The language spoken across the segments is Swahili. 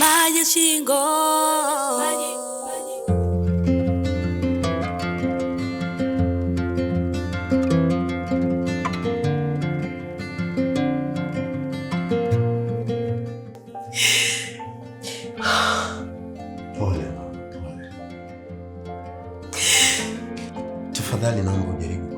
maji shingo maji, maji. Tafadhali naomba ujaribu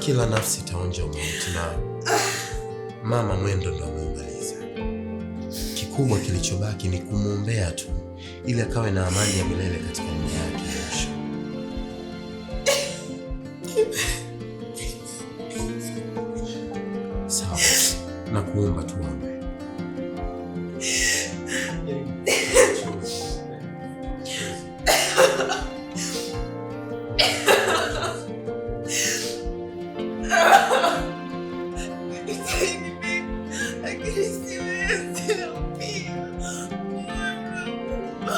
Kila nafsi itaonja umauti, na mama mwendo ndo ameumaliza. Kikubwa kilichobaki ni kumwombea tu ili akawe na amani ya milele katika nyumba yake ya mwisho. Sawa, nakuomba tuombe.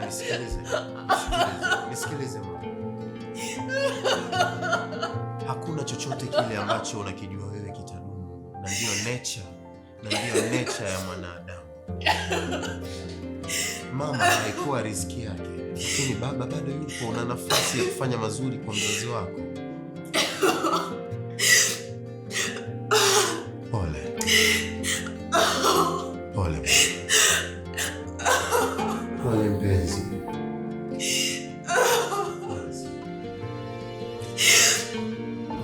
na nisikilize, nisikilize hakuna chochote kile ambacho unakijua wewe kitadumu, na ndio nature, na ndiyo nature ya mwanadamu. Mama haikuwa riziki yake, lakini baba bado yupo, una nafasi ya kufanya mazuri kwa mzazi wako.